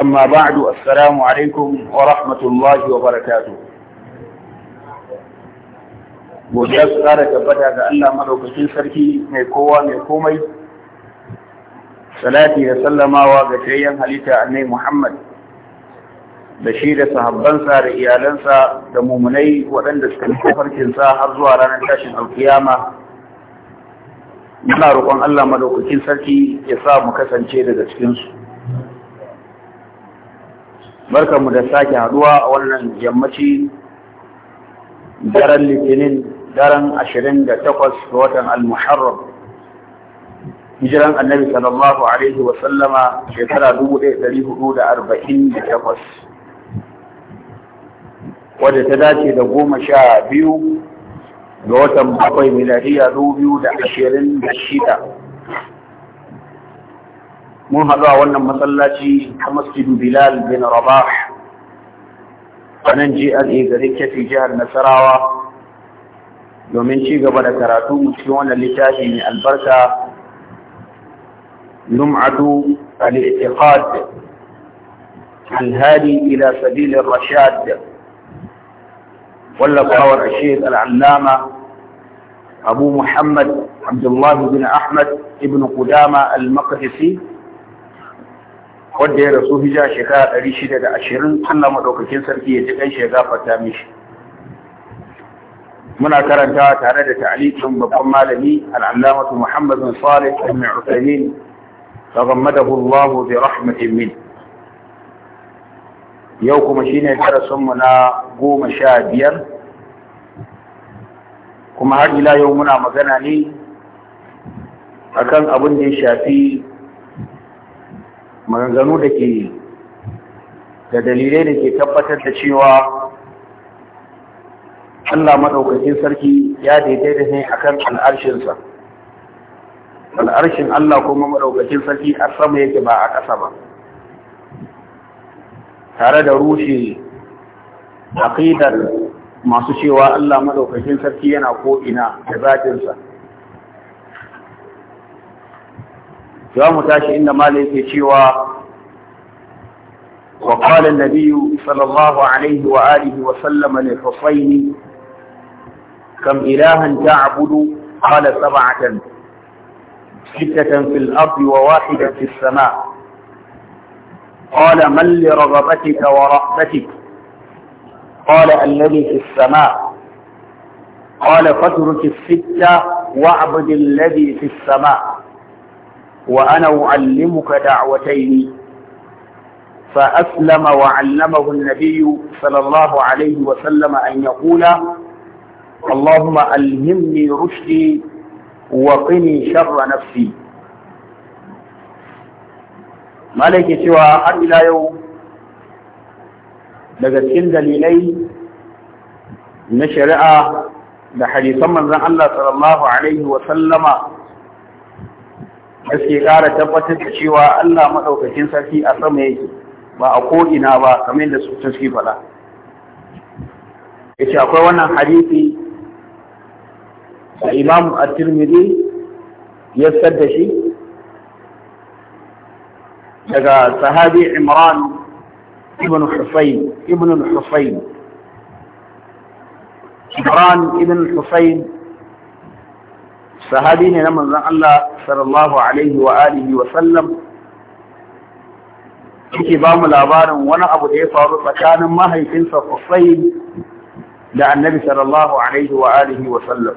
أما بعد السلام عليكم ورحمة الله وبركاته godiya su ƙara tabbata ga Allah maɗaukakin sarki mai kowa mai komai salati da sallamawa ga shayyan halitta annai Muhammad da shi da sahabbansa da iyalansa da mumunai waɗanda suka nufi farkinsa har zuwa ranar tashin alkiyama muna roƙon Allah maɗaukakin sarki ya sa mu kasance daga cikinsu barkanmu da sake haduwa a wannan yammaci daren litinin daren ashirin da takwas ga watan al-muharram hijiran annabi sallallahu alaihi wa sallama shekara dubu ɗaya ɗari hudu da arba'in da takwas wadda ta dace da goma sha biyu ga watan bakwai miliyariya dubu biyu da ashirin da shida mun haɗu a wannan masallaci ta masjidu bilal bin rabah a nan GRA garin kefi jihar nasarawa domin ci gaba da karatu cikin wannan littafi mai albarka lum'atu al-i'tiqad al-hadi ila sabil ar-rashad wallafa wa rashid al-allama abu muhammad abdullah bin ahmad ibn qudama al-maqdisi wanda ya rasu hijira shekara ɗari shida da ashirin Allah maɗaukakin sarki ya ji ɗan shi ya gafarta mishi. Muna karantawa tare da ta'alikin babban malami al'allamatu Muhammadin Salih ibn Uthaymeen tagammadahu Allah bi rahmatin min. Yau kuma shine mu na goma sha biyar kuma har ila yau muna magana ne akan abin da ya shafi maganganu da ke da dalilai da ke tabbatar da cewa Allah maɗaukakin sarki ya daidaita ne a kan al'arshinsa. Al'arshin Allah kuma maɗaukakin sarki a sama yake ba a ƙasa ba. Tare da rushe aƙidar masu cewa Allah maɗaukakin sarki yana ko'ina da zafinsa za mu tashi inda malai yake cewa وقال النبي صلى الله عليه وآله وسلم للحصين كم إلها تعبد قال سبعة ستة في الأرض وواحدة في السماء قال من لرغبتك ورحمتك قال الذي في السماء قال فاترك الستة واعبد الذي في السماء وأنا أعلمك دعوتين فأسلم وعلمه النبي صلى الله عليه وسلم أن يقول اللهم ألهمني رشدي وقني شر نفسي ما مالك سوى أن إلى يوم لقد كنت لي نشرع بحديث من ذا الله صلى الله عليه وسلم da suke ƙara tabbatar da cewa Allah maɗaukakin sarki a sama yake ba a ko'ina ba kamar da su suke faɗa. Yace akwai wannan hadisi da Imam At-Tirmidhi ya da shi daga sahabi Imran ibn Husayn ibn Husayn Imran ibn Husayn sahabi ne na manzon Allah صلى الله alaihi wa alihi wa sallam yake ba mu labarin wani abu da ya faru tsakanin mahaifinsa Hussein da Annabi sallallahu alaihi wa alihi wa sallam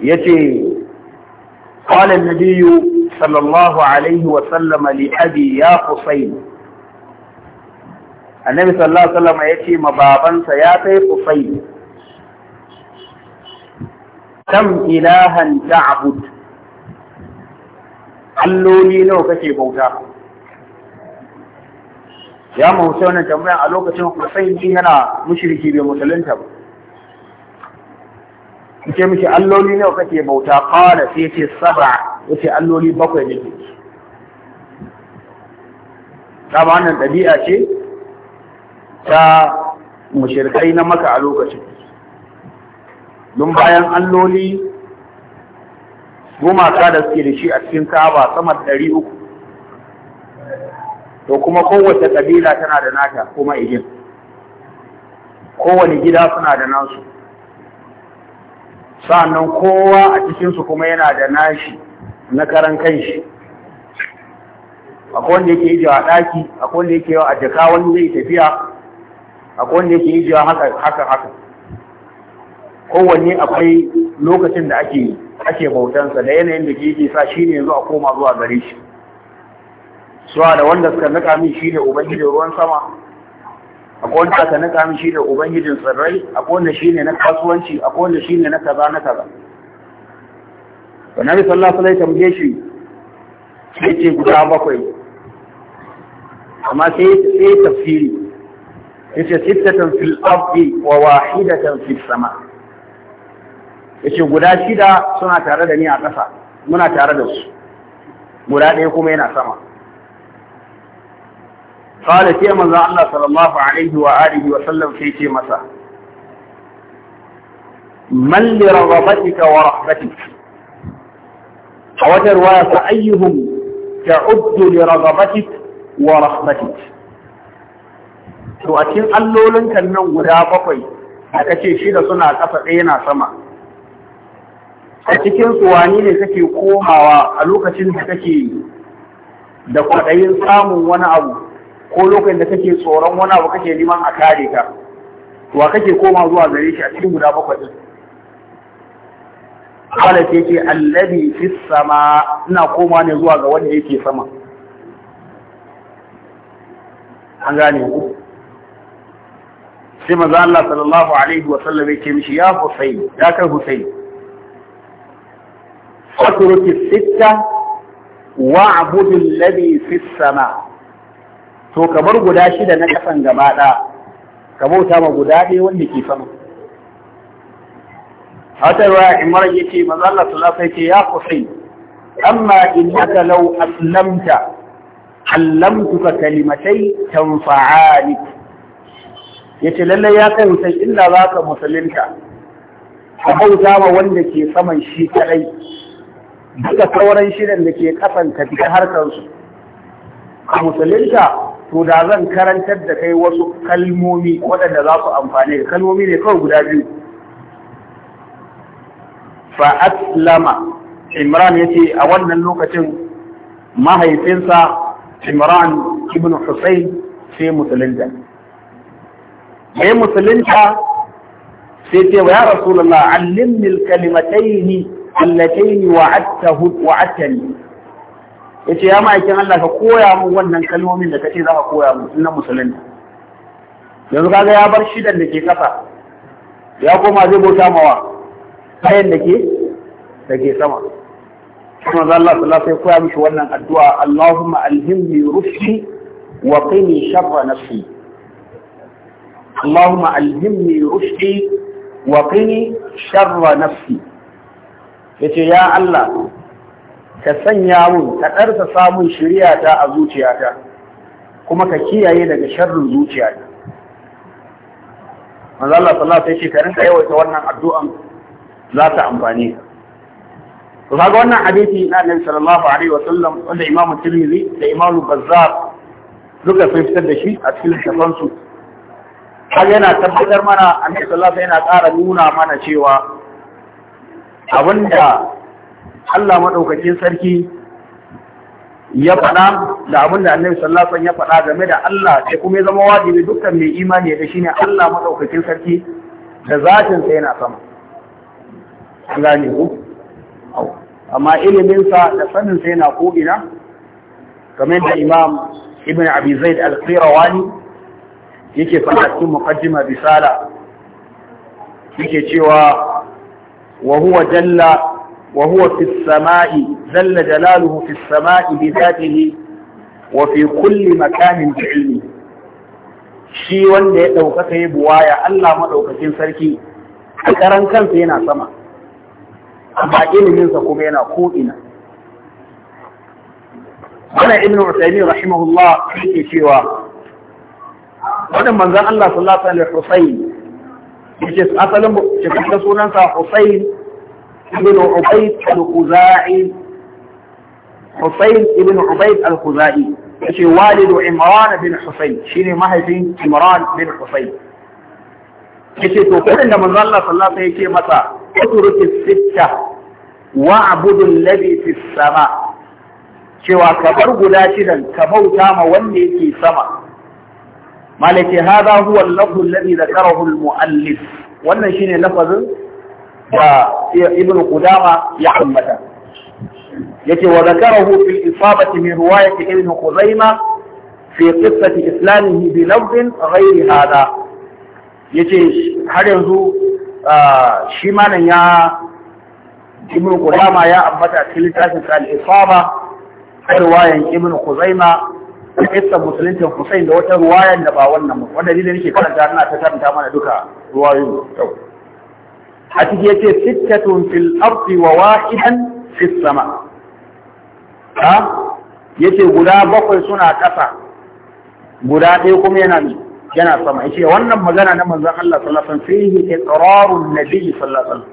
yace قال النبي صلى الله عليه وسلم لأبي يا حسين النبي صلى الله عليه وسلم يتي مبابا سياتي حسين kam ilahan ta'bud alloli nawa kake bauta ya mu wuce wannan tambayan a lokacin Hussein din yana mushriki bai musulunta ba kike miki alloli nawa kake bauta qala sai yace sab'a yace alloli bakwai ne ta ba wannan dabi'a ce ta mushrikai na maka a lokacin don bayan alloli gumaka da suke da shi a cikin kaba sama da ɗari uku to kuma kowace ƙabila tana da nata kuma igin kowane gida suna da nasu sa'annan kowa a cikinsu kuma yana da nashi na karan kanshi akwai wanda yake ijiwa a ɗaki akwai wanda yake yi a jaka wani zai tafiya akwai wanda yake ijiwa haka haka haka kowanne akwai lokacin da ake ake bautansa da yanayin da ke sa shi ne yanzu a koma zuwa gare shi suwa da wanda suka nika min shi ne ubangijin ruwan sama a kowanne aka nika min shi ne ubangijin tsirrai a kowanne shi ne na kasuwanci a kowanne shi ne na kaza na kaza wani sallah sallallahu tambaye shi sai ce guda bakwai amma sai sai tafsiri yace sittatan fil ardi wa wahidatan fis sama' yace guda shida suna tare da ni a ƙasa muna tare da su guda ɗaya kuma yana sama qala sai manzo Allah sallallahu alaihi wa alihi wa sallam sai ce masa man li raghabatika wa rahbatika a wata ruwaya fa ayyuhum ta'uddu li raghabatika wa rahmatik to a cikin allolin kan nan guda bakwai aka ce shida suna ƙasa ɗaya na sama a cikin wani ne kake komawa a lokacin da kake da kwaɗayin samun wani abu ko lokacin da kake tsoron wani abu kake neman a kare ka wa kake koma zuwa gare shi a cikin guda bakwai din kala ce ce allabi fi sama ina koma ne zuwa ga wanda yake sama an gane ku sai maza Allah sallallahu alaihi wa sallam yake mishi ya Husayn ya kai Husayn واترك الستة واعبد الذي في السماء to kamar guda shida na kasan gaba ɗaya ka bauta ma guda ɗaya wanda ke sama a wata ruwa imran ya ce maza Allah sai alaihi ya kusai amma in innaka law aslamta allamtuka kalimatai tanfa'ani ce lallai ya kai sai illa ka musulunta ka bauta ma wanda ke saman shi kadai duka sauran shirin da ke kasan tafi harkarsu a musulunta to da zan karantar da kai wasu kalmomi waɗanda za su amfani da kalmomi ne kawai guda biyu fa lama imran ya ce a wannan lokacin mahaifinsa imran ibn Hussein sai musulunta sai musulunta sai ce wa ya allin milkalimatai ne. allatayn wa'adtahu wa'atani yace ya ma'aikin Allah ka koya mu wannan kalmomin da kace zaka koya mu inna musulunta yanzu kaga ya bar shidan da ke kasa ya koma zai bauta mawa kayan da ke sama kuma Allah sallallahu alaihi wasallam koya mu wannan addu'a Allahumma alhimni rushdi wa qini sharra nafsi Allahumma alhimni rushdi wa qini sharra nafsi ya ce ya Allah ka sanya mun ka ɗarsa samun shiryata a zuciyata kuma ka kiyaye daga sharrin zuciyata manzo Allah sallallahu alaihi wasallam ka rinka yawaita wannan addu'an za ta amfani. ka to wannan hadisi na Annabi sallallahu alaihi wasallam wanda Imam Tirmidhi da Imam Bazzar duka sun fitar da shi a cikin shafansu har yana tabbatar mana Annabi sallallahu alaihi wasallam yana ƙara nuna mana cewa abinda Allah maɗaukakin sarki ya faɗa da abinda annabi sallallahu alaihi ya faɗa game da Allah sai kuma ya zama wajibi dukkan mai imani da shine Allah madaukakin sarki da zatin sa yana sama gane ku amma ilimin sa da sanin sa yana ko ina kamar da Imam Ibn Abi Zaid Al-Qirawani yake faɗa cikin muqaddima bisala yake cewa وهو جل وهو في السماء جل جلاله في السماء بذاته وفي كل مكان بعلمه shi wanda ya ɗaukaka ya buwaya Allah maɗaukakin sarki a ƙaran kansa yana sama amma iliminsa kuma yana ko'ina wannan ibn Usaimin rahimahullah yake cewa wannan manzon Allah sallallahu alaihi wasallam yace asalin cikakken sunansa Hussein ibn Ubayd al-Khuzai Hussein ibn Ubayd al-Khuzai yace walidu Imran bin Hussein shine mahaifin Imran bin Hussein yace to kullun da manzo Allah sallallahu alaihi wasallam yake masa uturuki sitta wa abudu alladhi fis sama cewa kabar guda shidan ka bauta ma wanda yake sama malaki haza huwa al-lafz alladhi dhakarahu al-muallif wannan shine lafazin da ibn qudama ya ambata yace wa zakarahu fil isabati min riwayati ibnu khuzaimah fi qissati islamihi bi lafzin ghayri hada yace har yanzu shi malan ya ibnu qudama ya ambata cikin littafin al-isaba riwayan ibn khuzaimah da kissa musuluncin Hussein da wata ruwayan da ba wannan mu wanda dalilin ke karanta ina ta karanta mana duka ruwayoyin a cikin yace sittatun fil ardi wa wahidan fis sama ha yace guda bakwai suna kasa guda ɗaya kuma yana ne yana sama yace wannan magana na manzon Allah sallallahu alaihi wasallam fihi iqrarun nabi sallallahu alaihi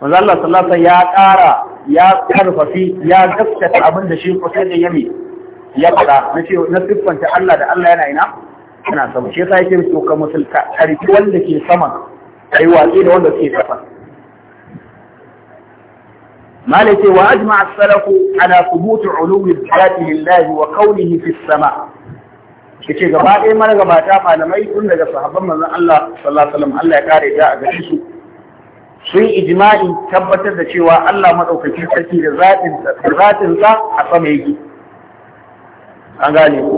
wasallam Allah sallallahu ya ƙara ya karfafi ya gaskata abin da shi kusa ya yami ya faɗa na ce na siffanta Allah da Allah yana ina yana sama shi yasa yake so ka musulta karfi wanda ke sama kai watsi da wanda ke kafa malai ce wa ajma as-salafu ala thubut ulumi dhati lillah wa qawlihi fi as-sama gaba ɗaya mana gabata malamai tun daga sahabban manzon Allah sallallahu alaihi wasallam Allah ya kare ta a su sun ijma'i tabbatar da cewa Allah madaukakin sarki da zatin sa a sama yake an gane ku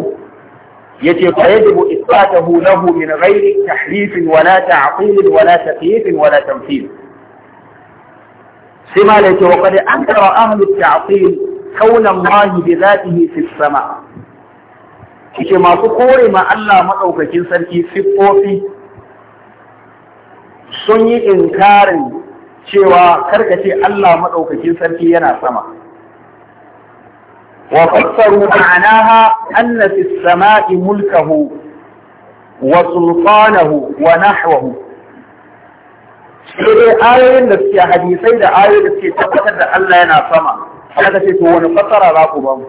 yace fa yajibu isbatahu lahu min ghairi tahrif wala la ta'til wa la taqyif wa la tamthil sai ma ce wa qad ankara ahlu at kauna Allah bi zatihi fi sama kike masu kore ma Allah madaukakin sarki siffofi sun yi inkarin cewa karkace Allah madaukakin sarki yana sama وفسروا معناها أن في السماء ملكه وسلطانه ونحوه sai dai ayoyin da suke hadisai da ayoyin da suke tabbatar da Allah yana sama haka ce to wani fassara za ku ba mu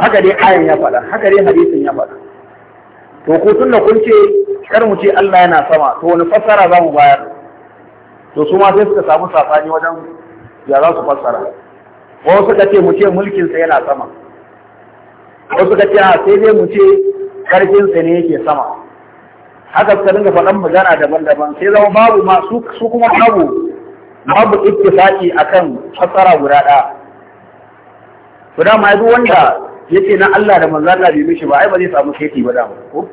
haka dai ayoyin ya faɗa haka dai hadisin ya faɗa to ko tunda kun ce kar mu ce Allah yana sama to wani fassara za mu bayar to su ma sai suka samu safani wajen ya za su fassara ko suka ce mu ce mulkinsa yana sama ko suka ce a sai dai mu ce karfinsa ne yake sama haka suka dinga faɗan magana daban-daban sai zama babu ma su kuma babu babu ittifaqi akan fassara guda ɗaya to dama duk wanda yake na Allah da manzon Allah bai mishi ba ai ba zai samu kaiti ba dama ko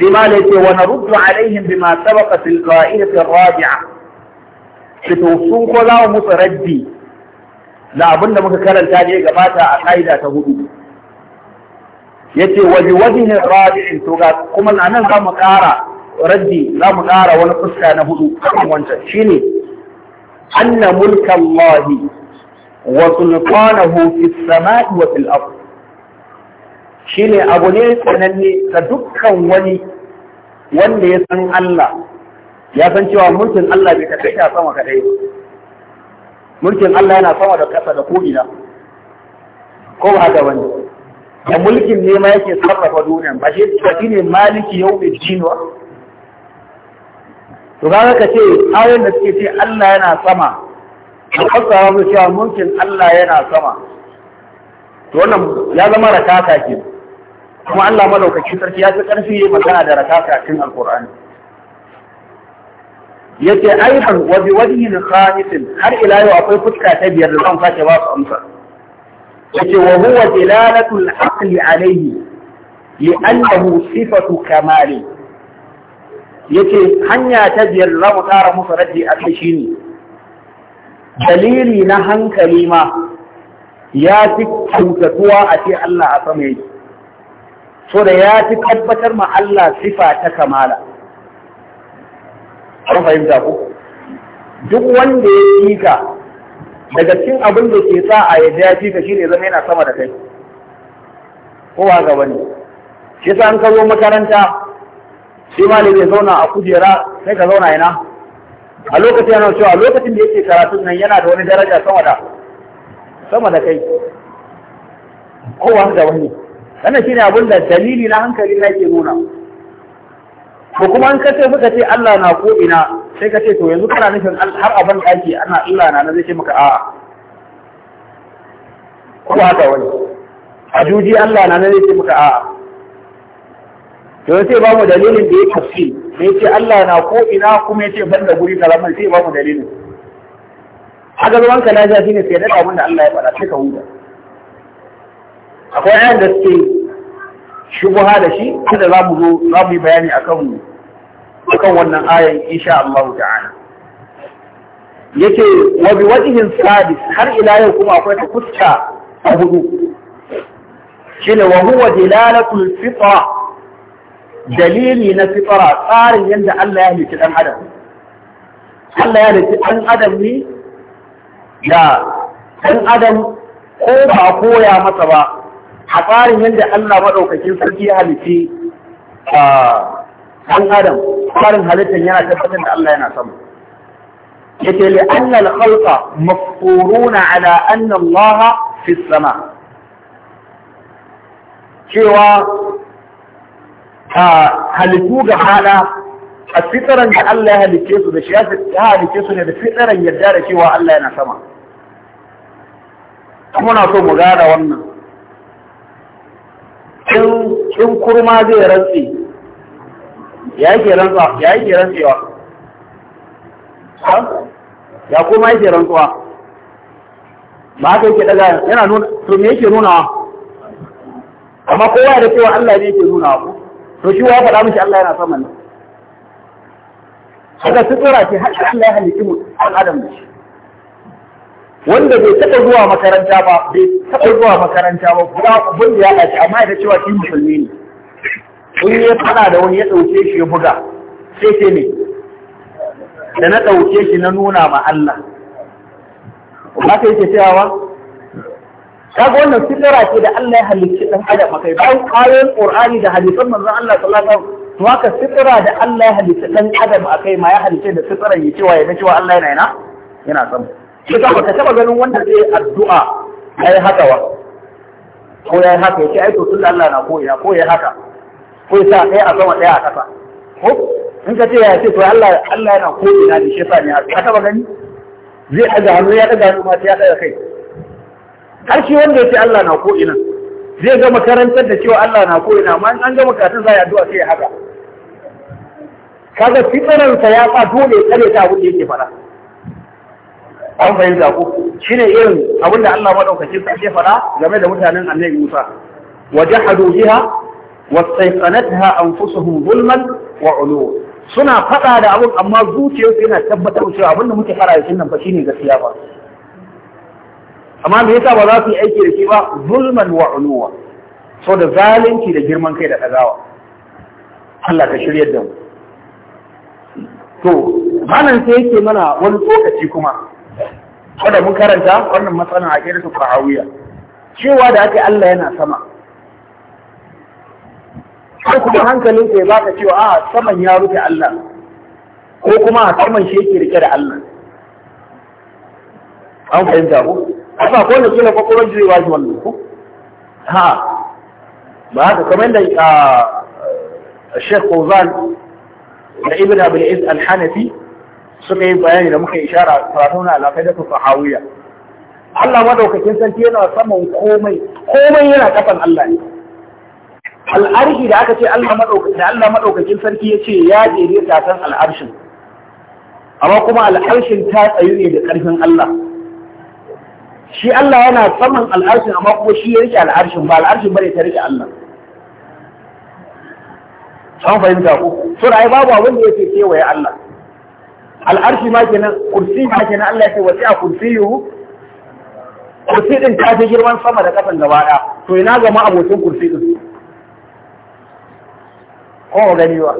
sai ma ne ce wa naruddu alaihim bima sabaqa fil qa'idati rabiah Fito sun ko za mu musu raddi da abin da muka karanta ne gabata a ƙa'ida ta hudu yace wa waje wajhin rabi'in to ga kuma nan za mu ƙara raddi za mu ƙara wani fuska na hudu kan wancan shine anna mulka Allah wa sultanahu fi samai wa fil ard shine abu ne tsananne ga dukkan wani wanda ya san Allah ya san cewa mulkin Allah bai tafi a sama kadai mulkin Allah yana sama da ƙasa da ko'ina ko ba haka bane da mulkin ne ma yake sarrafa duniya ba shi ba shi ne maliki yau mai jinuwa to ga ka ce ayoyin da suke ce Allah yana sama a fassara su cewa mulkin Allah yana sama to wannan ya zama rakaka ke kuma Allah madaukaki sarki ya fi karfi magana da rakaka cikin alkur'ani yace aidan wa bi wajhin khamis har ila yau akwai fuska ta biyar da zan sake ba su amsa yace wa huwa dilalatul aqli alayhi li'annahu sifatu kamali yace hanya ta biyar da mu tara musu raddi a kai shine dalili na hankali ma ya fi kyautatuwa a ce Allah a sama yake so da ya fi tabbatar ma Allah sifa ta kamala an fahimta ku duk wanda ya yi ka daga cikin abin da ke sa a yadda ya fi ka shi ne zama yana sama da kai kowa gaba ne shi sa an ka zo makaranta shi malami ya zauna a kujera sai ka zauna yana a lokacin yana cewa lokacin da yake karatun nan yana da wani daraja sama da sama da kai kowa gaba ne wannan shine abin da dalili na hankali na ke nuna ko kuma an kace muka ce Allah na ko ina sai ka ce to yanzu kana nufin har a ban daki ana Allah na na zai ce maka a'a ko haka wani a juji Allah na na zai ce maka a'a to sai ba mu dalilin da ya tafsir sai ce Allah na ko ina kuma ya ce ban da guri kaza mai sai ba mu dalilin haka zaman ka lafiya shine sai da abin da Allah ya faɗa sai ka huta akwai ayan da suke shubuha da shi kada za mu zo za mu yi bayani akan akan wannan ayan insha Allah ta'ala yake wa bi wajhin sadis har ila yau kuma akwai ta fuska a hudu shine wa huwa dilalatul fitra dalili na fitra tsarin yadda Allah ya halitta dan adam Allah ya halitta dan adam ne da dan adam ko ba koya masa ba a tsarin yadda Allah madaukakin sarki ya halitta ah, ɗan adam farin halittar yana tabbatar da Allah yana sama yake li anna al-khalqa mafkuruna ala anna Allah fi sama cewa halittu ga hala a fitaran da Allah ya halicce su da shi ya halicce su ne da fitaran yarda da cewa Allah yana sama muna so mu gane wannan in kurma zai rantsi ya yake rantsuwa? ya yake ya kuma yake rantsuwa ba haka yake daga yana nuna to me yake nuna amma kowa da cewa Allah ne yake nuna ku to shi wa ya faɗa mishi Allah yana sama ne haka tsora ce har Allah ya halitta mu an adam ne wanda bai taɓa zuwa makaranta ba bai taɓa zuwa makaranta ba ba abin da ya ɗaci amma ta cewa shi musulmi ne kun yi fada da wani ya ɗauke shi ya buga sai ce ne da na ɗauke shi na nuna ma Allah ba ka yake cewa ga wannan fitara ce da Allah ya halicci ɗan adam akai bayan ayoyin ƙurani da hadisan manzon Allah sallallahu alaihi wasallam to haka fitara da Allah ya halicci ɗan adam akai ma ya halicce da fitaran ya cewa ya cewa Allah yana yana yana sama sai ka baka taba ganin wanda zai addu'a yayi haka wa ko yayi haka yace ai to da Allah na ko ya ko yayi haka ko sa ɗaya a sama ɗaya a ƙasa ko in ka ce ya ce to Allah Allah yana ko ina ne shi yasa ne a taba gani zai ɗaga hannu ya ɗaga hannu ma sai ya ɗaga kai har shi wanda ya ce Allah na ko ina zai ga makarantar da cewa Allah na ko ina amma an gama makarantar za a yi addu'a sai ya haka kaga sa ya sa dole ya tsare ta abu da yake fara an fahimta ko ne irin abin da Allah maɗaukacin sa ya fara game da mutanen Annabi Musa wajahadu biha واستيقنتها أنفسهم ظلما وعلوا suna faɗa da abun amma zuciyarsu yana tabbatar cewa abin da muke fara yakin nan fa shine gaskiya ba amma me yasa ba za su yi aiki da shi ba zulman wa uluwa so da zalunci da girman kai da ɗagawa Allah ka shirya da mu to malam sai yake mana wani sokaci kuma wanda mun karanta wannan matsalan a kirkin fa'awiya cewa da ake Allah yana sama sai kuma hankalin sai ba ka cewa a saman ya rufe Allah ko kuma a saman shi yake rike da Allah an da ku asa ko ne kila kokoron jirewa shi wannan ko ha ba haka kamar da Sheikh Fauzan da Ibn Abdul Is Al-Hanafi suka yi bayani da muka ishara karatu na alaƙai da sahawiya Allah madaukakin sarki yana saman komai komai yana kafan Allah ne al'arshi da aka ce Allah maɗaukakin sarki ya ce ya jere tatan al'arshin amma kuma al'arshin ta tsayu ne da ƙarfin Allah shi Allah yana saman al'arshin amma kuma shi ya rike al'arshin ba al'arshin bane ta rike Allah an fahimta ku sun ai babu abin da yake kewaye Allah al'arshi ma kenan kursi ma kenan Allah ya ce wasi a kursiyu kursi din ta fi girman sama da kasan gaba ɗaya to ina ga ma abokin kursi din ko gani ba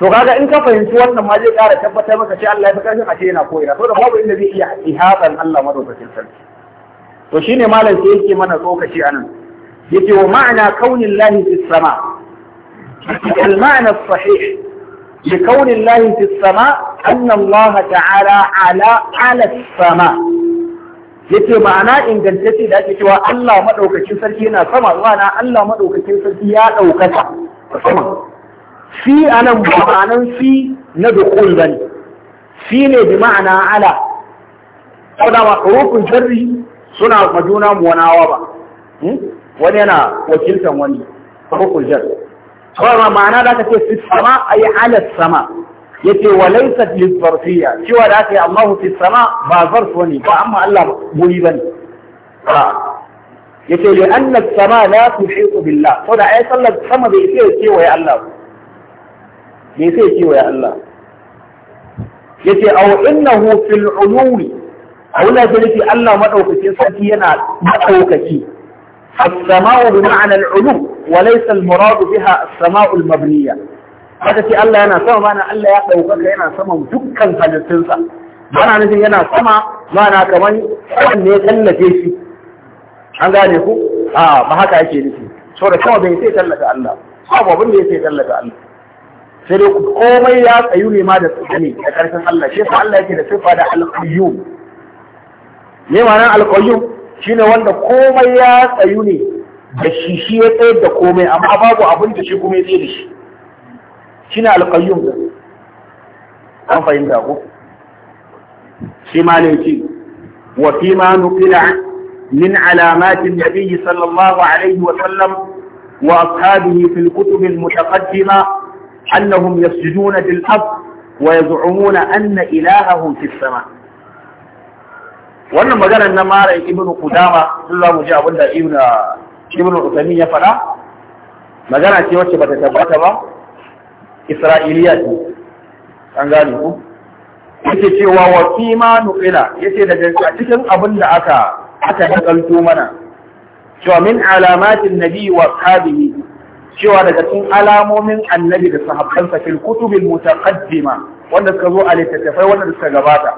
to kaga in ka fahimci wannan ma zai kara tabbatar maka sai Allah ya fi karfin a ce yana koyira to da babu inda zai iya ihatan Allah madaukakin sarki to shine malam sai yake mana tsokaci anan yace wa ma'ana kaunin lahi fis sama al ma'ana sahih li kaunin lahi fis sama anna ta'ala ala ala sama yace ma'ana ingantacce da ake cewa Allah maɗaukacin sarki yana sama zuwa na Allah maɗaukacin sarki ya ɗaukata. saman fi a nan ba ma'anan fi na dukul ba ne fi ne bi ma'ana ala saboda ba rukun jarri suna majuna muwanawa ba wani yana wakiltan wani rukun jarri saboda ma'ana da ka ce fi sama a yi ala sama yace wa laysat lizarfiyya cewa da aka yi Allahu fi sama ba zarf wani ba amma Allah guri bane yace li anna sama la tuhiqu billah to da ai sallar sama bai iya kewaye Allah bai iya kewaye Allah yace aw innahu fil ulumi aw la yake Allah madaukakin sarki yana madaukaki laysa al-murad biha as بها al-mabniya haka ce Allah yana sama bana Allah ya ɗaukaka yana sama dukkan halittunsa bana nufin yana sama bana kamar wanne ya tallafe shi an gane ku a ba haka ake nufi da kawai bai sai tallata Allah babu abin da ya sai tallata Allah sai dai komai ya tsayu ne ma da tsani da karfin Allah shi yasa Allah yake da sifa da al-qayyum me ma'anar al-qayyum shine wanda komai ya tsayu ne da shi shi ya tsayar da komai amma babu abin da shi kuma ya tsaye da shi shine al-qayyum din an fahimta ko shi ma ne ce wa fi ma nuqila من علامات النبي صلى الله عليه وسلم وأصحابه في الكتب المتقدمة أنهم يسجدون في الأرض ويزعمون أن إلههم في السماء. وأنا مجال النمارة ابن قدامة صلى الله عليه وسلم ابن عثمين فلا مجال أنت وشبة تبعتها إسرائيليات أن قالوا يسجدوا وكيما نقلا يسجد أبن أكا aka nakalto mana cewa min alamatin nabi wa ashabihi cewa daga cikin alamomin annabi da sahabbansa fil kutubil mutaqaddima wanda suka zo a littattafai wanda suka gabata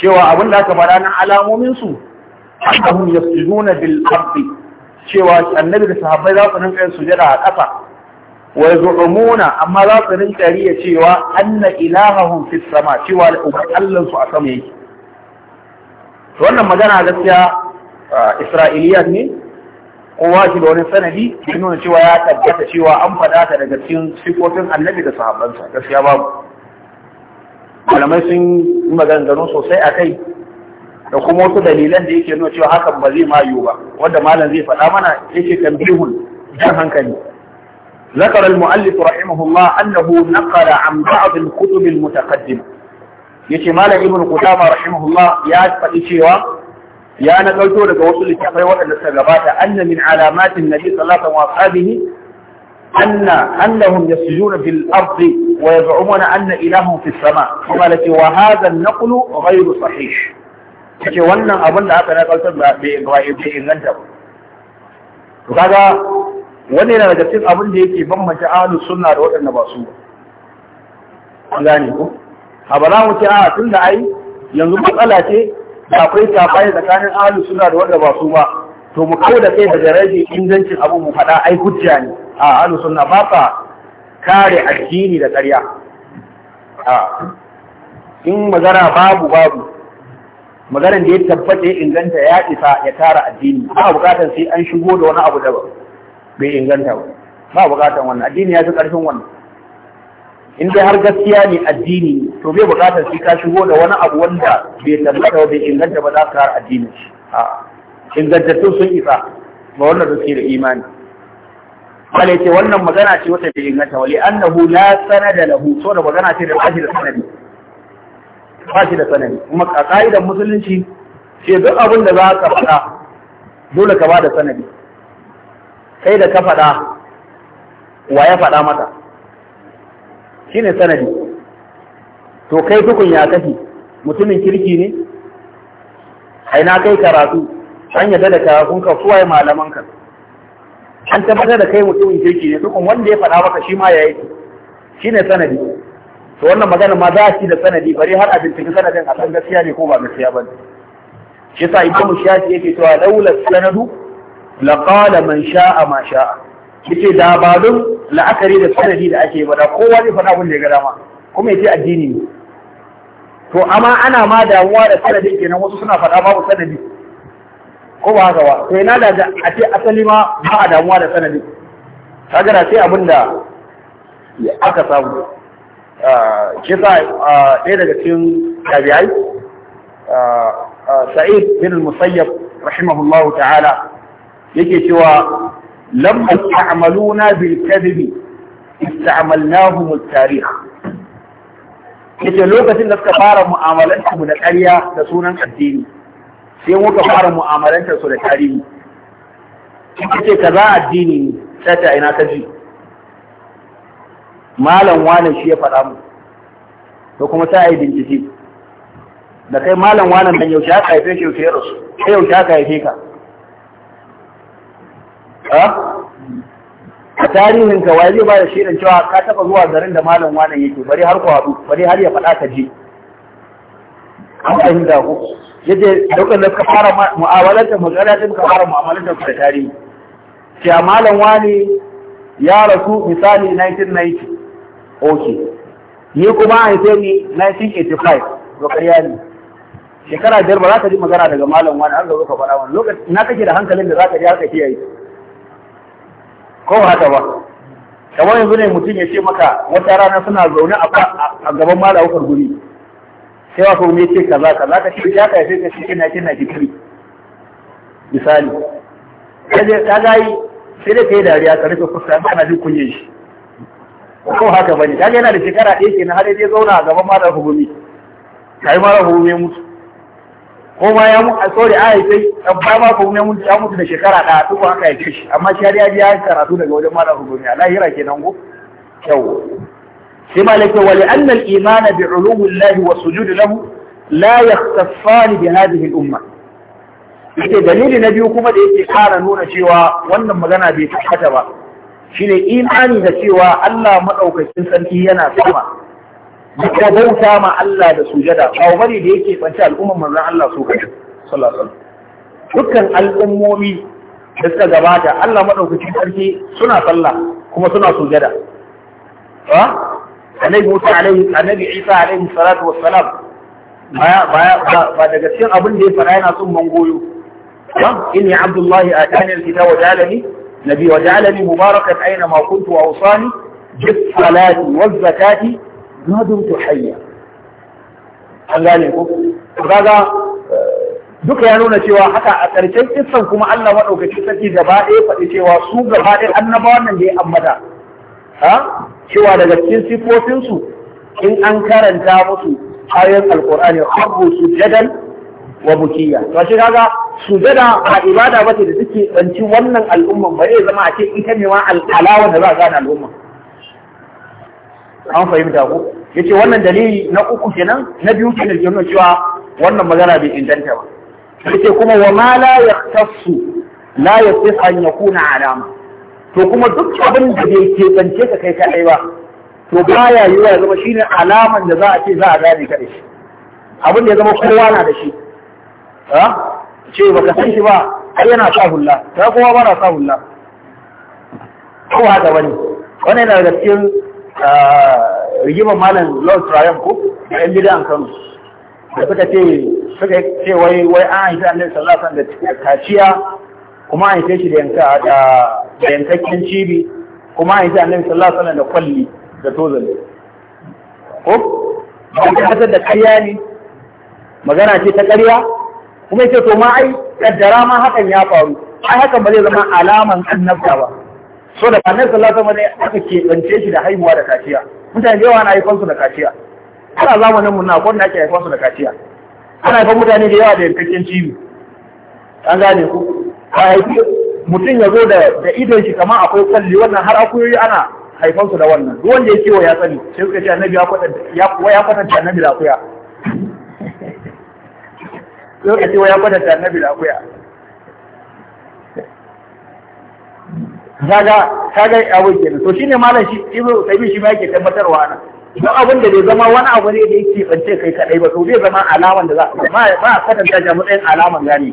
cewa abin da aka faɗa na alamomin su annahum yasjuduna bil ardi cewa annabi da sahabbai za su rinka yin sujada a ƙasa wa yazumuna amma za su rinka riya cewa anna ilahahum fis sama cewa Allah su a sama yake wannan magana gaskiya isra'iliyat ne kowa shi da wani sanadi ya nuna cewa ya tabbata cewa an faɗa ta daga cikin sifofin annabi da sahabbansa gaskiya babu malamai sun yi maganganu sosai a kai da kuma wasu dalilan da yake nuna cewa hakan ba zai mayu ba wanda malam zai faɗa mana yake tambihun jan hankali ذكر المؤلف رحمه الله أنه نقل عن بعض الكتب المتقدمة yace malam ibn qudama rahimahullah ya faɗi cewa ya na ɗauko daga wasu littafai waɗanda suka gabata anna min alamatin nabi sallallahu alaihi wa ashabihi anna annahum yasjuduna fil ardi wa yaz'umuna anna ilahum fis sama kuma lati wa hadha an-naql ghayru sahih Yace wannan abin da aka nakaltar ba bai inganta ba to kaga wannan yana daga cikin abin da yake bambanta ahlus sunna da waɗanda ba su ba an gane ko a ba za mu ce a tun da ai yanzu matsala ce da akwai tafaye tsakanin ahalu suna da wanda ba su ba to mu kawo da kai daga rage ingancin abu mu faɗa ai hujja ne a ahalu suna ba ka kare addini da ƙarya a in magana babu babu maganar da ya tabbata ya inganta ya isa ya tara addini ba bukatar sai an shigo da wani abu da bai inganta ba ba bukatar wannan addini ya fi ƙarfin wannan in dai har gaskiya ne addini to bai buƙatar shi ka shigo da wani abu wanda bai tabbata bai inganta ba za ka har addinin shi ingantattun sun isa ba wannan suke da imani wale ce wannan magana ce wata bai inganta wale. wali annahu la sanada lahu so da magana ce da bashi da sanadi bashi da sanadi kuma a ka'idar musulunci ce duk abin da za ka faɗa dole ka ba da sanadi kai da ka faɗa wa ya faɗa mata Shi ne sanadi to kai tukun ya kafi mutumin kirki ne na kai karatu an yadda da karatun ka kuwa malaman ka an tabbatar da kai mutumin kirki ne tukun wanda ya faɗa maka shi ma ya yi shi ne sanadi to wannan magana ma za a ci da sanadi bari har a binciki sanadin a san gaskiya ne ko ba gaskiya ba ne shi sa ibnu shafi yake cewa laula sanadu laqala man sha'a ma sha'a yace da ba don la'akari da sanadi da ake ba da kowa zai faɗa abin da ya ga dama kuma ya ce addini ne to amma ana ma damuwa da sanadin kenan wasu suna faɗa babu sanadi ko ba haka ba to yana da a ce asali ma ba a damuwa da sanadi kaga sai abin da aka samu Kisa, ah, sa ah, ɗaya daga cikin tabi'ai ah, sa'id bin musayyab rahimahullahu ta'ala yake cewa lamma ta'maluna bil kadhibi istamalnahum at yace lokacin da suka fara mu'amalanta mu da ƙarya da sunan addini sai muka fara mu'amalanta su da tarihi yace za addini ne sai ta ina kaji malam wani shi ya faɗa mu to kuma sai ai bincike da kai malam wani dan yaushe aka haife shi yaushe ya rasu kai yaushe aka haife ka ha a tarihin ka waye zai ba da shaidan cewa ka taba zuwa garin da malam wannan yake bari har ku haɗu bari har ya faɗa ka je an da ku Yaje dokan da ka fara mu'amalantar magana din ka fara mu'amalantar da tarihi ce malam wani ya rasu misali 1990 okay ni kuma an sai ni 1985 to ƙarya ne shekara biyar ba za ka ji magana daga malam wani an zo ka faɗa wani lokaci na kake da hankalin da za ka ji har ka kiyaye ko ba haka ba kamar yanzu ne mutum ya ce maka wata rana suna zaune a gaban mala ukar guri sai wa kuma ya ce kaza kaza ka ce ya kai sai ka ce kina kina kikiri misali kaje ka gayi sai da kai dariya ka rufe fuska na jin kunye shi ko haka bane kaga yana da shekara ɗaya kenan har ya zauna a gaban mala hukumi kai mala hukumi mutu ko ma ya mutu sorry a haife ba ma ko ne mun ya mutu da shekara ɗaya duk haka ya kishi amma shi har ya ya karatu daga wajen malam rubuni lahira kenan ko? Kyau. sai malaka wa li anna al iman bi ulumi llahi wa sujud lahu la yakhtaffan bi hadhihi al umma yake dalili na biyu kuma da yake kara nuna cewa wannan magana bai tabbata ba shine imani da cewa Allah madaukakin sarki yana sama da bauta ma Allah da sujada ba bari da yake fanci al'umman manzon Allah su kaje sallallahu alaihi dukkan al'ummomi da suka gabata Allah madaukakin sarki suna sallah kuma suna sujada ha annabi Musa alaihi annabi Isa alaihi salatu wassalam baya baya ba daga cikin abin da ya fara yana son mangoyo ha inni abdullahi atani alkitaba wa jalani nabi wa jalani mubarakan aina ma kuntu wa awsani bis salati waz zakati Na dutu hayya an gane ko kaga eh, duka ya nuna cewa haka a ƙarshen kissan kuma Allah maɗaukaci sarki gaba ɗaya faɗi cewa su gaba ɗaya annabawan nan da ya ambata ha cewa daga cikin sifofinsu in an karanta musu ayoyin alƙur'ani habbu sujadan wa bukiya to shi kaga sujada a ibada bace da take tsanci wannan al'umman ba zai zama a ce ita ne ma al'alawa da za a gane al'umma an fahimta ko yace wannan dalili na uku kenan na biyu kenan ke nuna cewa wannan magana bai inganta ba yace kuma wa ma la yaqtasu la yasih an yakuna alama to kuma duk abin da bai keɓance ka kai kaɗai ba to baya yiwa ya zama shine alaman da za a ce za a gane ka da shi abin da ya zama kowa na da shi ha ce baka san shi ba ai yana sa hulla ta kowa ba na sa hulla Kowa haka bane wannan yana daga cikin Ah, rigimar malin lord ryan ko A yan bidan kano da suka ce suka ce wai wai an haifi annabi sallallahu alaihi wasallam da kaciya kuma an haife shi da yanka da yankakken cibi kuma an haifi annabi sallallahu alaihi wasallam da kwalli da tozali ko ba ka da ƙarya ne magana ce ta ƙarya? kuma ce to ma ai kaddara ma hakan ya faru ai hakan ba zai zama alaman annabta ba so da annabi sallata alaihi aka ke aka shi da haihuwa da kaciya mutane da yawa na haifan su da kaciya ana zamanin mu na wanda ake haifan su da kaciya ana haifan mutane da yawa da yankakken cibi an gane ku a haifi mutum ya zo da da idon shi kamar akwai kalli wannan har akuyoyi ana haifan su da wannan duk wanda ya kewa ya sani sai suka ce annabi ya kwatanta ya kuwa ya kwatanta annabi da akuya sai suka ce ya kwatanta annabi da akuya kaga kaga abu kenan to shine malam shi ibnu sabi shi ma yake tabbatarwa ana duk abin da bai zama wani abu ne da yake bance kai kadai ba to zai zama alaman da za ba ba kwatanta ta matsayin alaman gani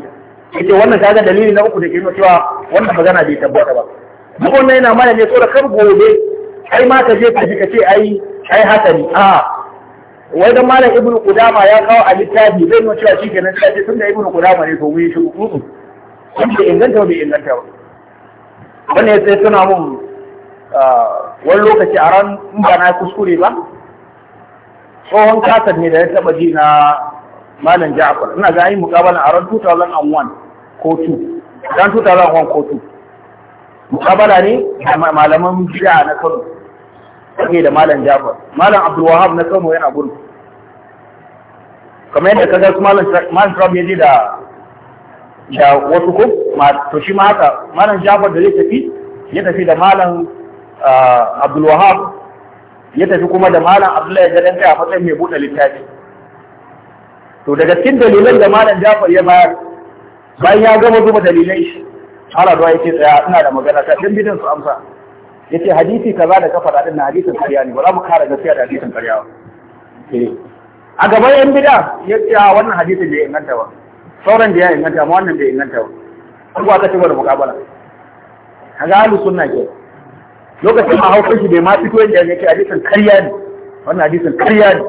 yace wannan kaga dalili na uku da ke nuna cewa wannan magana bai tabbata ba duk wannan yana mana ne tsora kar gobe ai ma ka je ka ji ka ce ai ai haka ne a wai dan malam ibnu qudama ya kawo a littafi zai nuna cewa shi kenan sai tunda ibnu qudama ne to mu yi shi ku ku kun inganta ba bai inganta ba wannan ya tsaye suna mun wani lokaci a ran in ba na kuskure ba tsohon kasar ne da ya taba ji na malam ja'afar ina ga yi mukabala a ran 2001 ko 2 ran 2001 ko 2 mukabala ne da malaman jiya na kano suke da malam ja'far malam wahab na kano yana gudu kamar yadda kaga malam trump ya ji da da wasu ko to shi ma haka malam Jafar da zai tafi ya tafi da malam ah, Abdul Wahab ya tafi kuma da malam Abdullahi Gadan kai a matsayin mai buɗe littafi to daga cikin dalilan da malam Jafar ya bayar bayan ya gama zuba dalilai shi Allah ya yake tsaya ina da magana ta din bidin su amsa yace hadisi kaza da kafa da din na hadisin ƙarya ne ba za mu kara gaskiya da hadisin ƙarya ba eh. a gaban yan bid'a a wannan hadisi bai inganta ba sauran da ya inganta amma wannan bai inganta ba an kuwa aka ci da mukabala kaga ahlus sunna ke lokacin ma haukar shi bai ma fito yadda yake hadisin karya ne wannan hadisin karya ne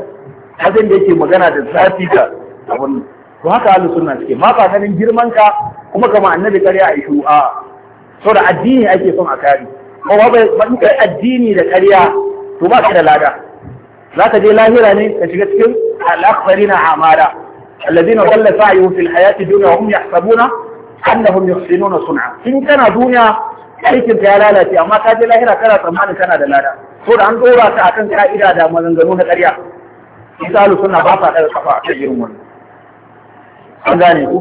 abin da yake magana da zafi ka abun to haka ahlus sunna suke ma ka ganin girman ka kuma kama annabi karya a ishu a saboda addini ake son a kare ko ba in kai addini da karya to ba ka da lada za ka je lahira ne ka shiga cikin amara الذين ضل سعيهم في الحياة الدنيا وهم يحسبون أنهم يحسنون صنعا إن كان دنيا aikin ta ya lalace amma ka je lahira kana tsammanin kana da lada so da an dora ta akan ka'ida da maganganu na ƙarya misalu suna ba sa daga kafa akan irin wannan an gane ku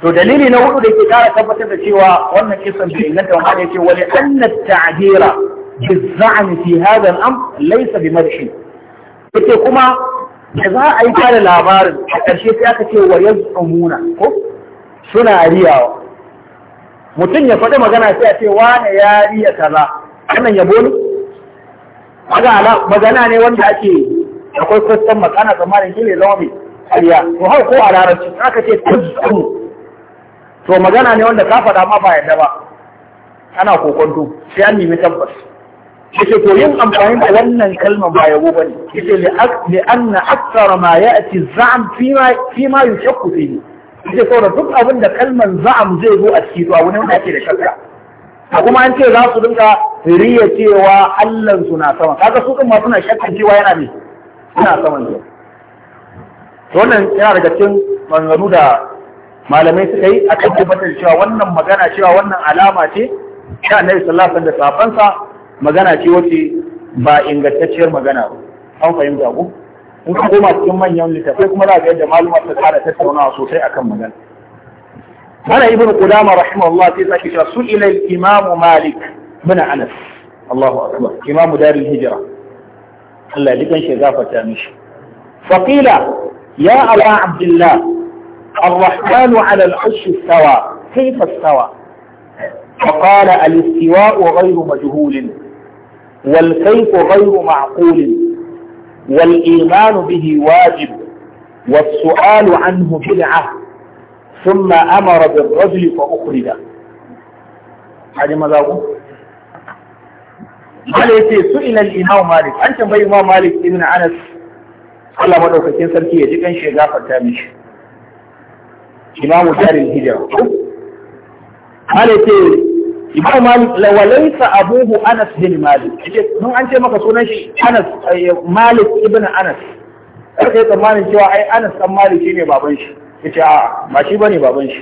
to dalili na hudu da ke kara tabbatar da cewa wannan kisan bai inganta wa hada yake wani anna ta'jira bi za'mi fi hadha al-amr laysa bi madhi yake kuma da za a yi kare labarin a ƙarshe sai aka ce wa yaz'umuna ko suna riyawa mutum ya faɗi magana sai a ce wane ya riya kaza wannan yabo ne magana ne wanda ake akwai kwastan makana zamanin shi ne zama mai ariya to hau ko a larabci aka ce tazzamu to magana ne wanda ka faɗa ma ba yadda ba ana kokonto sai an nemi tabbas yake to yin amfani da wannan kalmar ba yabo bane yake li anna akthara ma ya'ti za'am fi ma fi ma yushakku fihi yake saboda duk abin da kalmar za'am zai zo a cikin to abu ne wanda ake da shakka a kuma an ce za su dinga riya cewa Allah su na sama kaga su kuma suna shakkan cewa yana ne suna sama ne to wannan yana daga cikin manzanu da malamai suka yi akan tabbatar cewa wannan magana cewa wannan alama ce ta Annabi sallallahu alaihi wasallam da sahabbansa magana ce wacce ba ingantacciyar magana ba an fahimta ku in ka koma cikin manyan littafai kuma za ka yadda malumar ta tsara tattaunawa sosai akan magana قال ابن قدامة رحمه الله في ذلك سئل الإمام مالك بن أنس الله أكبر إمام دار الهجرة الله لكن شغافة مش فقيل يا أبا عبد الله الرحمن على العرش استوى كيف استوى فقال الاستواء غير مجهول والكيف غير معقول والإيمان به واجب والسؤال عنه بدعة ثم أمر بالرجل فأخرج هذه ماذا عليه سئل الإمام مالك أنت ما إمام مالك ابن أنس Allah maɗaukakin sarki ya ji ƙanshi ya gafarta mishi. Imamu Jarin Hijira. Hale ce imam malik lawalaysa abuhu anas bin malik yace mun an ce maka sunan shi anas eh, malik ibn anas sai tsammanin cewa ai anas dan malik shine baban shi Kace a'a, ba shi bane baban shi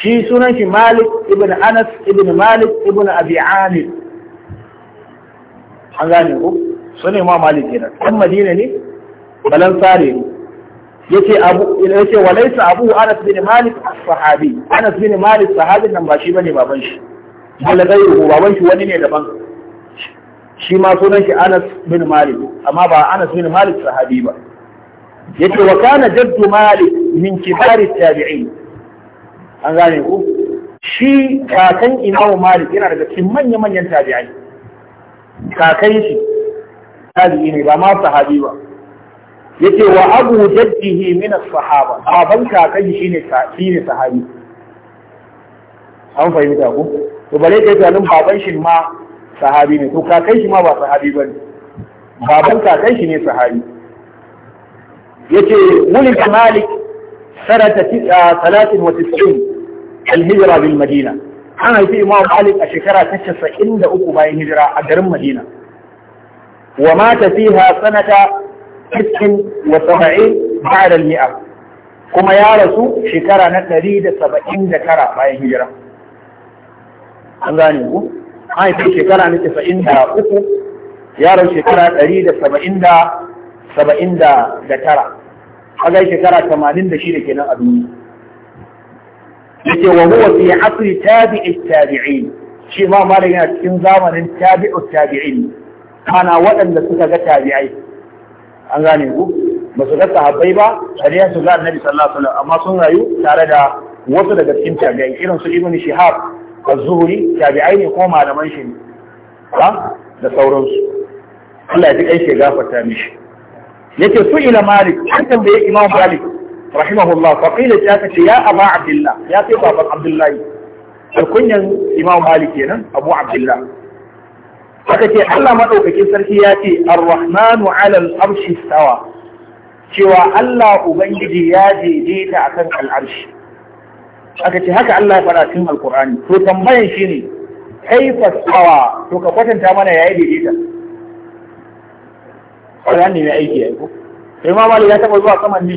shi sunan shi malik ibn anas ibn malik ibn abi amir an gane ko sunan imam malik kenan dan madina ne balan sare ne yace abu yace walaysa abu anas bin malik as-sahabi anas bin malik sahabin nan ba shi bane baban shi bal ghayruhu baban shi wani ne daban shi ma sunan shi Anas bin Malik amma ba Anas bin Malik sahabi ba yace wa kana jaddu Malik min kibari tabi'in an gane ku shi kakan Imam Malik yana daga cikin manya-manyan tabi'ai kakan shi tabi'i ne ba ma sahabi ba yake wa abu jaddihi min as-sahaba baban kakan shi ne sahabi an fahimta ku to bare kai tunanin baban shi ma sahabi ne to kakan shi ma ba sahabi bane baban kakan shi ne sahabi yace wuli malik sarata sanata 93 al-hijra bin madina an haifi imam malik a shekara ta uku bayan hijira a garin madina wa mata fiha sanata 79 ba'da al-mi'a kuma ya rasu shekara na ɗari da da saba'in 179 bayan hijira an gane ku An mahaifin shekara na casa'in da uku yaron shekara ɗari da saba'in da saba'in da tara A gai shekara tamanin da shi shida kenan a duniya yake wa huwa fi asri tabi'i tabi'in shi ma malam yana cikin zamanin tabi'u tabi'in kana waɗanda suka ga tabi'ai an gane ku ba su ga sahabbai ba shari'a su ga annabi sallallahu alaihi wasallam amma sun rayu tare da wasu daga cikin tabi'ai irin su ibn shihab az-zuhri tabi'ai ne ko malaman ne ha da sauransu Allah ya ji kai shi gafarta mishi yake su ila malik an tambaye imam malik rahimahullah fa qila ya ya aba abdullah ya ce baban abdullahi alkunyan imam malik kenan abu abdullah aka ce Allah madaukakin sarki ya ce ar cewa Allah ubangiji ya daidaita akan al aka ce haka Allah ya faɗa cikin alkur'ani to tambayan shi ne kaifa tsawa to ka kwatanta mana yayi daidaita wannan ne aiki yayi ko sai ma mali ya taɓa zuwa saman ne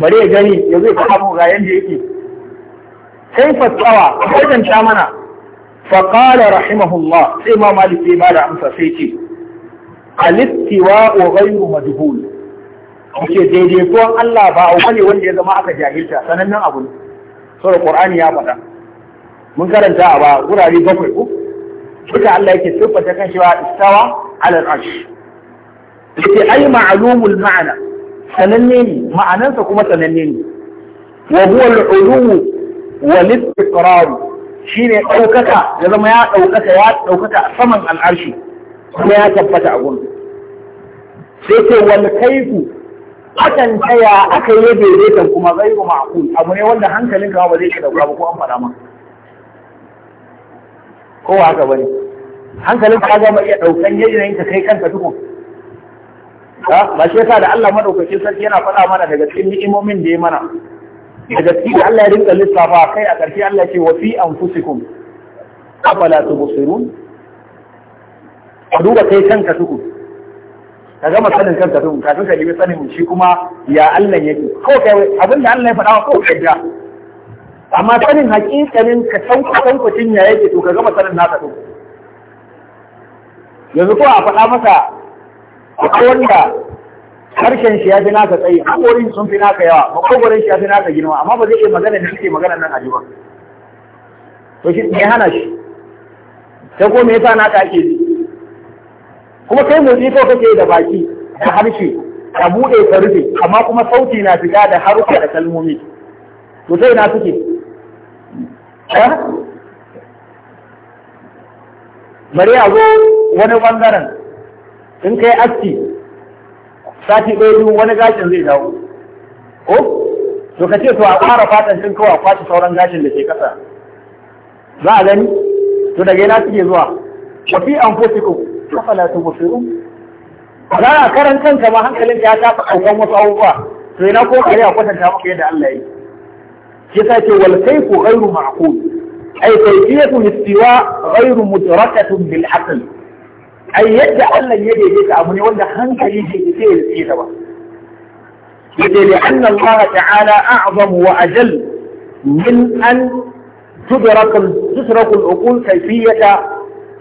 bare ya gani ya zai faɗa mu ga yanda yake kaifa tsawa ka kwatanta mana fa qala rahimahullah sai ma Malik sai ba da amsa sai ce al-istiwa wa ghayru majhul Ake daidaituwan Allah ba a wani wanda ya zama aka jahilta sanannen abu ne. saboda Qur'ani ya faɗa mun karanta a ba wurare bakwai ko duka Allah yake siffata kan shi wa istawa ala al-arsh yake ai ma'lumul ma'ana sananne ne ma'anansa kuma sananne ne wa huwa al-ulu wal istiqrar shine daukaka ya zama ya daukaka ya daukaka a saman al-arshi kuma ya tabbata a gurin sai ce wal kaifu. akan tsaya aka yi daidaitan kuma zai yi ma'akul abu ne wanda hankalin kawo ba zai ka dauka ba ko an faɗa ma ko haka ba ne hankalin ka gama iya daukan yadda ka kai kanka tukun ba shi yasa da Allah madaukakin sarki yana faɗa mana daga cikin ni'imomin da ya mana daga cikin Allah ya rinka lissafa kai a ƙarshe Allah ce wa fi anfusikum afala tubsirun duba kai kanka tukun ka gama sanin kanka tun kafin ka nemi sanin shi kuma ya Allah yake ko kai abin da Allah ya faɗa ko kai da amma sanin hakikanin ka san kusan kucin ya yake to ka gama sanin naka tun yanzu ko a faɗa masa ko wanda harshen shi ya fi naka tsayi hakorin sun fi naka yawa makogorin shi ya fi naka ginawa. amma ba zai iya magana da suke magana nan a ji ba to shi me hana shi sai ko me yasa naka ake ji kuma kai motsi kake da baki da harshe ka buɗe ka rufe amma kuma sauti na fita da haruka da kalmomi to sai na suke bari a zo wani bangaren in kai aski sati ɗaya wani gashin zai dawo ko to ka ce to a ƙara fatan cin kawai a kwashe sauran gashin da ke kasa. za a gani to daga yana suke zuwa Wafi an anfusikum afala tubsirun ba karan kanka ma hankalin ya tafi ɗaukan wasu abubuwa to ina ko kare a kwatanta maka yadda Allah yi shi sa ce wal kai kayfu ghayru ma'qul ay kayfiyatu istiwa ghayru mudrakatun bil aql ai yadda Allah ya daidaita abu ne wanda hankali ke isa ya rike ta ba yace li anna Allah ta'ala a'zam wa ajal min an tudrak tudrak al uqul kayfiyata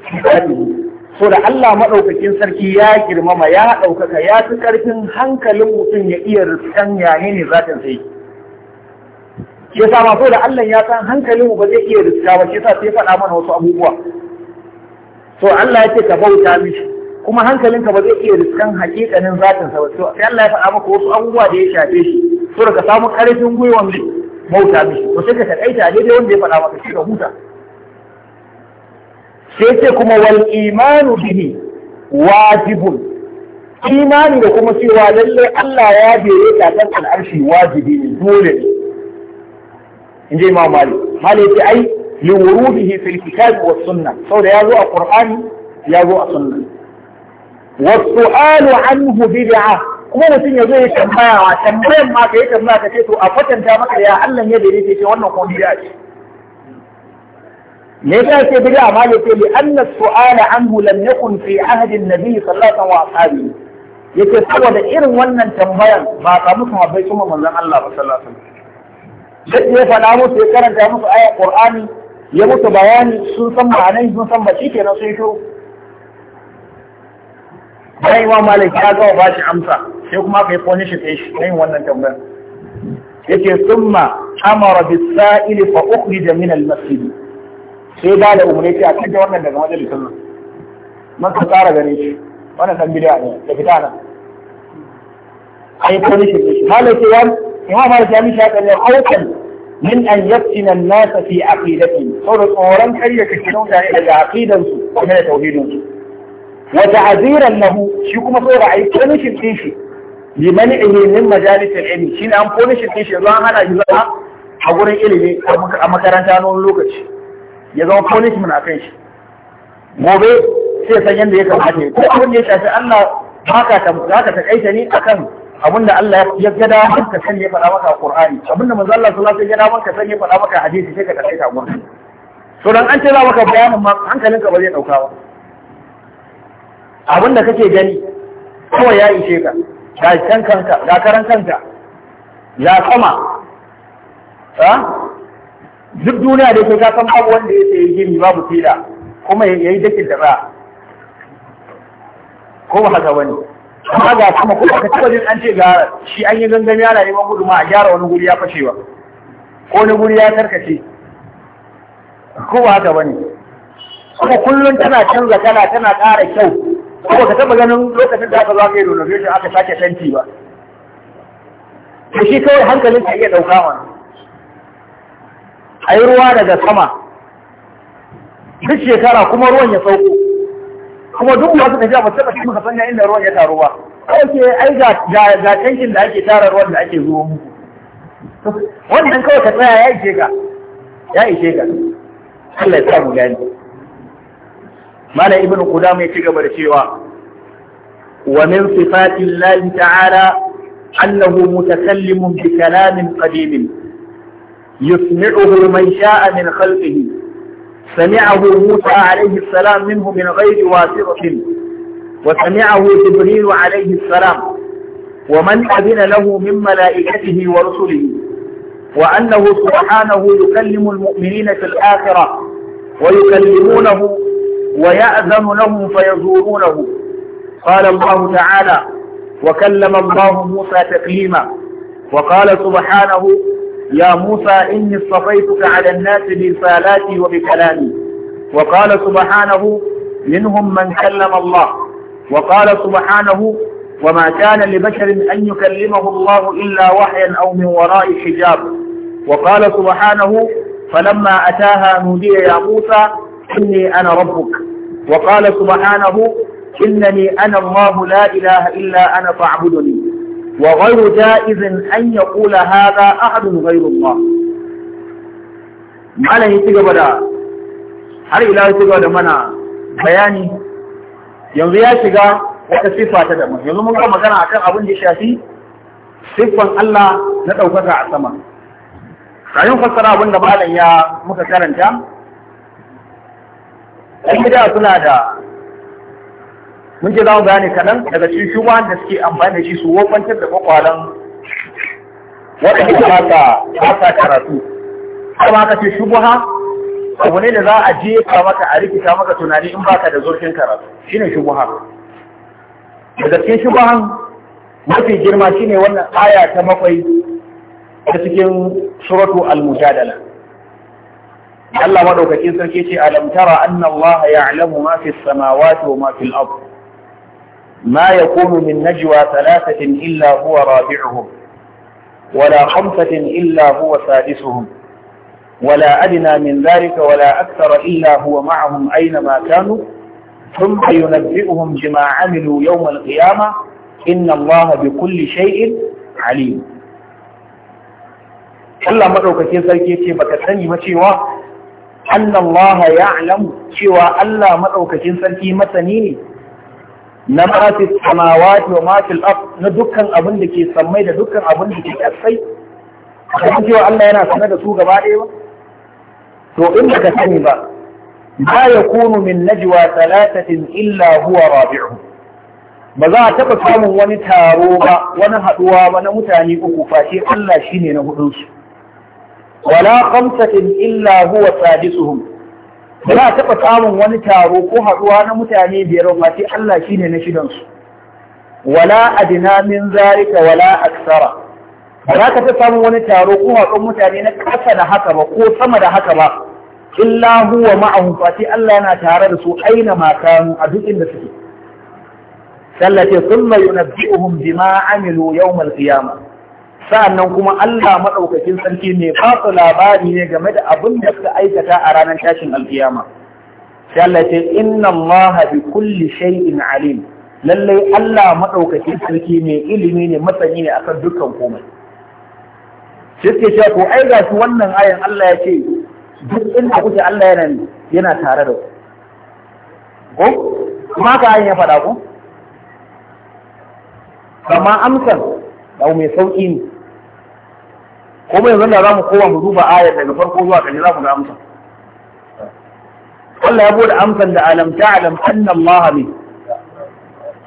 hikmatihi so da Allah maɗaukakin sarki ya girmama ya ɗaukaka ya fi ƙarfin hankalin mutum ya iya rufin yane ne ta sai ke sa so da Allah ya san hankalin mu ba zai iya rufin ba ke sa sai faɗa mana wasu abubuwa so Allah ya ce ka bauta mishi kuma hankalinka ba zai iya riskan hakikanin zatin sa ba sai Allah ya faɗa maka wasu abubuwa da ya shafe shi so da ka samu ƙarfin gwiwan bauta mishi to sai ka taƙaita daidai wanda ya faɗa maka shi ka huta sai ce kuma wal imanu bihi wajibun imani da kuma cewa lalle Allah ya bere ta kan al'arshi wajibi ne dole in je Imam Malik Malik ce ai li wurudihi fil kitab was sunna saboda ya zo a Qur'ani ya zo a sunna والسؤال عنه بدعة kuma mutum ya zo ya tambaya tambayan ma ka yi tambaya ka ce to a kwatanta maka ya Allah ya daidaita ce wannan ko bid'a ce me yasa ce bid'a ma yace li anna su'ala anhu lam yakun fi ahdin nabi sallallahu alaihi wasallam Yake saboda irin wannan tambayan ba ka musu habai kuma manzon Allah ba sallallahu alaihi wasallam ya faɗa musu ya karanta musu ayat Qur'ani ya musu bayani sun san ma'anai sun san ba shi kenan sun shiru bayan imam malik ya gawa ba shi amsa sai kuma aka yi punishin ɗin shi yin wannan tambayan. yake summa amara bis sa'ili fa ukhrija min al masjid sai ba da umarni sai a canja wannan daga majalisar nan man ka tsara gare shi wannan dan bid'a ne da fita nan ai ko ne shi malaka yan imam al-jami shi kan haukan min an yaftina an-nas fi aqidati saboda tsoron karya ka kinau da daga aqidan su kuma da tauhidin su wa ta'ziran lahu shi kuma saboda ai ko ne shi shi limani'ihi min majalis al-ilm shi ne an ko ne shi shi ruwan hana shi zuwa a gurin ilimi a makaranta na wani lokaci ya zama punishment a kan shi gobe sai san yadda ya kamata ya duk abin da ya shafi Allah haka ta haka ta kaita ni akan abin da Allah ya gada maka san ya faɗa maka Qur'ani abin da manzo Allah sallallahu alaihi wasallam ya gada maka san ya faɗa maka hadisi sai ka kaita gurin to dan an ce za maka bayanin ma hankalinka ba zai dauka ba abin da kake gani kawai ya ishe ka ga kanka ga karan kanka ya sama duk duniya da ke san babu wanda ya yi gini babu fila kuma ya yi dakin da ba ko ba haka wani amma ga kuma kuma ka taba jin an ce ga shi an yi gangami ana neman gudu ma a gyara wani guri ya fashewa ko wani guri ya karkace ko ba haka wani kuma kullum tana canza kana tana ƙara kyau ko ka taba ganin lokacin da aka zo aka yi renovation aka sake tanti ba to shi kawai hankalin iya ɗauka a yi ruwa daga sama duk shekara kuma ruwan ya sauko kuma duk wasu tafiya ba taɓa cikin sanya inda ruwan ya taru ba kawai ai ga tankin da ake tara ruwan da ake zuwa muku wannan kawai ka tsaya ya ishe ka ya ishe ka Allah ya sa samu gani Malam Ibn Qudam ya ci gaba da cewa wa min sifati Allah ta'ala annahu mutakallimun bi kalamin qadimin يسمعه من شاء من خلقه سمعه موسى عليه السلام منه من غير واسطة وسمعه جبريل عليه السلام ومن أذن له من ملائكته ورسله وأنه سبحانه يكلم المؤمنين في الآخرة ويكلمونه ويأذن لهم فيزورونه قال الله تعالى وكلم الله موسى تكليما وقال سبحانه يا موسى إني اصطفيتك على الناس برسالاتي وبكلامي وقال سبحانه منهم من كلم الله وقال سبحانه وما كان لبشر أن يكلمه الله إلا وحيا أو من وراء حجاب وقال سبحانه فلما أتاها نودي يا موسى إني أنا ربك وقال سبحانه إنني أنا الله لا إله إلا أنا فاعبدني وغير جائز أن يقول هذا أحد غير الله ما له يتقب دا هل إله يتقب دا منا بياني ينظر يتقى وتصفة تدم ينظر مقام كان عكر أبن جشاتي صفا الله نتوفك عسما فعين فسر أبن دبالا يا مكسرا جام أي دا سنة دا mun ce za mu gane kaɗan daga cikin shubuhan da suke amfani da shi su wofantar da kwakwalan waɗanda ba sa ba karatu har ma ka ce shubuha abu ne da za a je ka maka a rikita maka tunani in baka da zurfin karatu shine shubuha daga cikin shubuhan mafi girma shine wannan aya ta bakwai ta cikin suratu al-mujadala Allah madaukakin sarki ce alam tara anna Allah ya'lamu ma fi samawati wa ma fil ardh ما يكون من نجوى ثلاثة إلا هو رابعهم ولا خمسة إلا هو سادسهم ولا أدنى من ذلك ولا أكثر إلا هو معهم أينما كانوا ثم ينبئهم بما عملوا يوم القيامة إن الله بكل شيء عليم Allah madaukakin sarki ce baka أن الله يعلم annallaha ya'lam cewa Allah madaukakin سلكي ما تنيني na mafi samawati wa mafi al'af na dukkan abin da ke sammai da dukkan abin da ke kasai a cewa Allah yana sanar da su gaba ɗaya ba to in baka sani ba ba ya kunu min najwa talatatin illa huwa rabi'u ba za a taɓa samun wani taro ba wani haɗuwa ba na mutane uku fashe Allah shine na hudunsu wala khamsatin illa huwa sadisuhum ba za a taɓa samun wani taro ko haɗuwa na mutane biyar ba sai Allah shine na shidansu wala a dinamin zarika wala aksara ba za ka taɓa samun wani taro ko haɗuwa mutane na ƙasa da haka ba ko sama da haka ba illa huwa ma'ahu fa sai Allah yana tare da su aina ma a duk inda suke sallace thumma yunabbi'uhum bima amilu yawm al Kiyama. sa'annan kuma Allah maɗaukakin sarki ne fasa labari ne game da abin da suka aikata a ranar tashin alkiyama sai Allah ce inna Allah bi kulli shay'in alim lallai Allah maɗaukakin sarki mai ilimi ne matsayi ne akan dukkan komai sai suke cewa ko ai ga su wannan ayan Allah ya ce duk inda kuke Allah yana yana tare da ku ko kuma ka ayan ya faɗa ku kama amsar abu mai sauƙi ne Ko kuma yanzu da mu kowa mu duba ayar daga farko zuwa ƙarshe za mu ga amsa Allah ya bude amsan da alam ta'lam anna Allah bi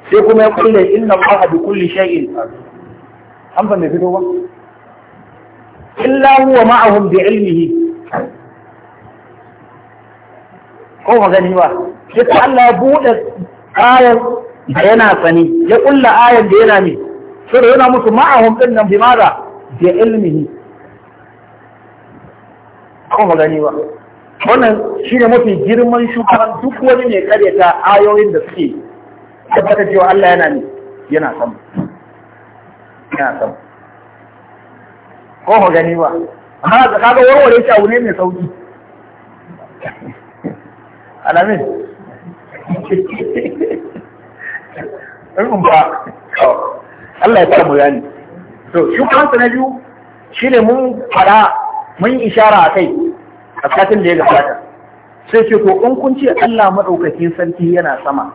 sai kuma ya kulle inna Allah bi kulli shay'in Amsa da fito ba illa huwa ma'ahum bi ilmihi ko magani ba sai Allah ya bude ayar da yana sani ya kulla ayar da yana ne sai yana musu ma'ahum din nan bi mada bi ilmihi ko gani ba wannan shi ne mafi girman shugaban duk wani mai karyata ayoyin da suke tabbata cewa Allah yana ne yana sama yana sama ko gani ba amma da ga warware shi abu ne mai sauki alamin in ba Allah ya samu yani to shugaban sa shi ne mun fara mun yi ishara a kai a satin da ya gabata sai ce to in kun ce Allah madaukakin sarki yana sama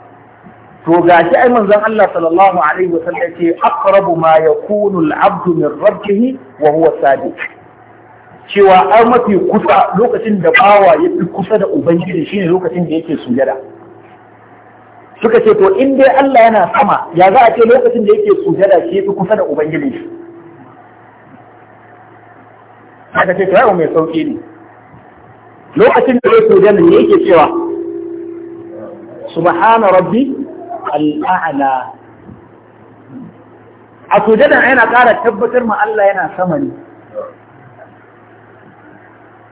to gashi ai manzon Allah sallallahu alaihi wa sallam ce aqrabu ma yakunu al-abdu min rabbih wa huwa sadiq cewa ai mafi kusa lokacin da bawa ya fi kusa da ubangiji shine lokacin da yake sujada suka ce to in dai Allah yana sama ya za a ce lokacin da yake sujada shi ya fi kusa da ubangiji aka ce to yau mai sauki ne lokacin da yake da ne yake cewa subhana rabbi al'a'la a sujadan yana ƙara tabbatar ma Allah yana sama ne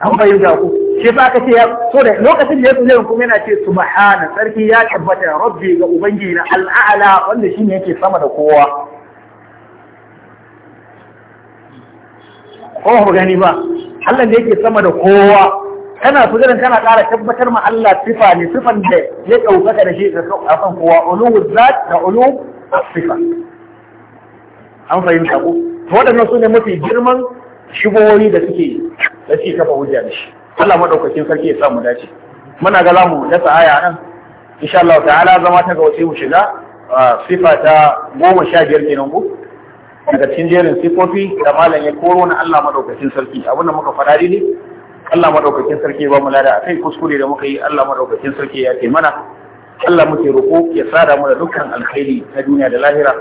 an bayyana ku shi ba ka ce so da lokacin da ya tsaye kuma yana ce subhana sarki ya tabbata rabbi ga ubangi na al'a'la wanda shine yake sama da kowa ko ba gani ba Allah ne yake sama da kowa kana sujudan kana ƙara tabbatar ma Allah sifa ne sifan da ya ɗaukaka da shi a kan kowa ulu zat da ulu sifa an fahimta ko to waɗannan su ne mafi girman shigowoyi da suke da suke kafa hujja da shi Allah madaukakin sarki ya samu dace muna ga mu dasa aya nan insha Allah ta'ala zama ta ga wace mu shiga sifa ta goma sha biyar kenan ku daga cikin jerin sifofi da malam ya koro na Allah madaukakin sarki abin da muka faɗa ne Allah madaukakin sarki ba mu lada akai kuskure da muka yi Allah madaukakin sarki ya ce mana Allah muke roƙo ya sada mu da dukkan alkhairi na duniya da lahira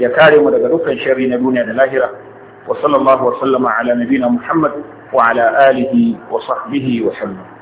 ya kare mu daga dukkan sharri na duniya da lahira wa sallallahu wa sallama ala nabina Muhammad wa ala alihi wa sahbihi wa sallam